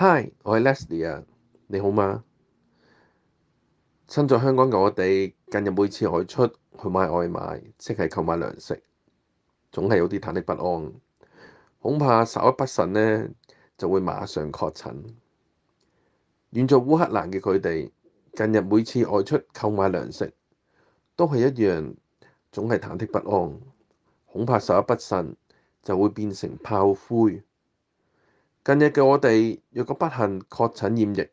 Hi，我係 Leslie 啊，你好嗎？身在香港嘅我哋，近日每次外出去買外賣，即係購買糧食，總係有啲忐忑不安，恐怕稍一不慎呢，就會馬上確診。遠在烏克蘭嘅佢哋，近日每次外出購買糧食，都係一樣，總係忐忑不安，恐怕稍一不慎就會變成炮灰。近日嘅我哋，若果不幸確診染疫，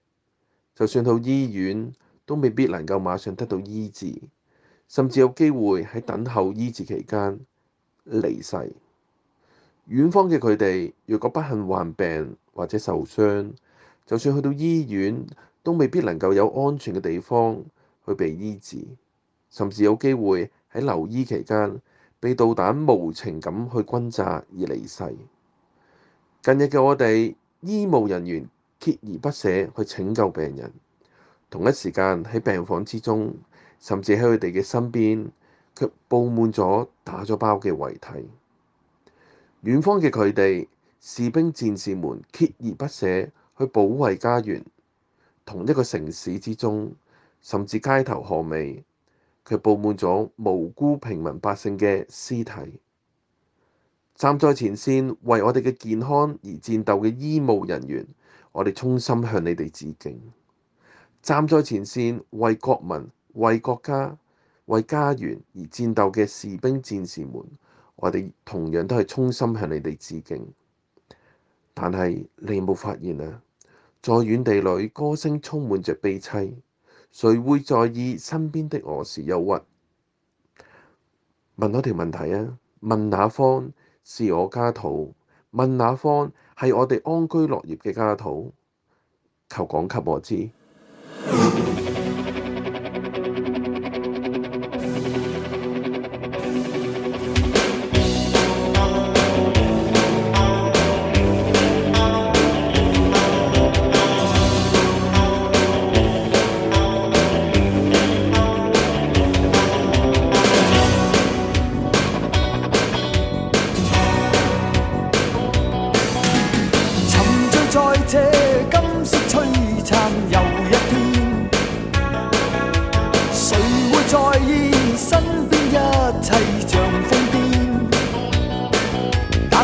就算到醫院，都未必能夠馬上得到醫治，甚至有機會喺等候醫治期間離世。遠方嘅佢哋，若果不幸患病或者受傷，就算去到醫院，都未必能夠有安全嘅地方去被醫治，甚至有機會喺留醫期間被導彈無情咁去轟炸而離世。近日嘅我哋醫務人員鍥而不捨去拯救病人，同一時間喺病房之中，甚至喺佢哋嘅身邊，卻佈滿咗打咗包嘅遺體。遠方嘅佢哋，士兵戰士們鍥而不捨去保衛家園，同一個城市之中，甚至街頭巷尾，卻佈滿咗無辜平民百姓嘅屍體。站在前綫為我哋嘅健康而戰鬥嘅醫務人員，我哋衷心向你哋致敬。站在前綫為國民、為國家、為家園而戰鬥嘅士兵戰士們，我哋同樣都係衷心向你哋致敬。但係你有冇發現啊？在遠地裏，歌聲充滿着悲悽，誰會在意身邊的我是憂鬱？問多條問題啊？問哪方？是我家土，問那方係我哋安居樂業嘅家土，求講給我知。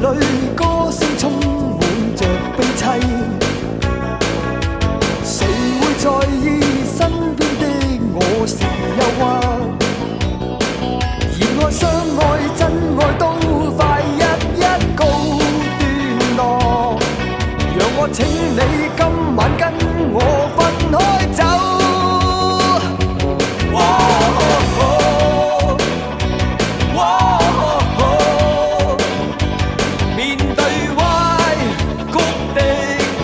裏歌聲充滿着悲悽，誰會在意身邊的我是憂鬱？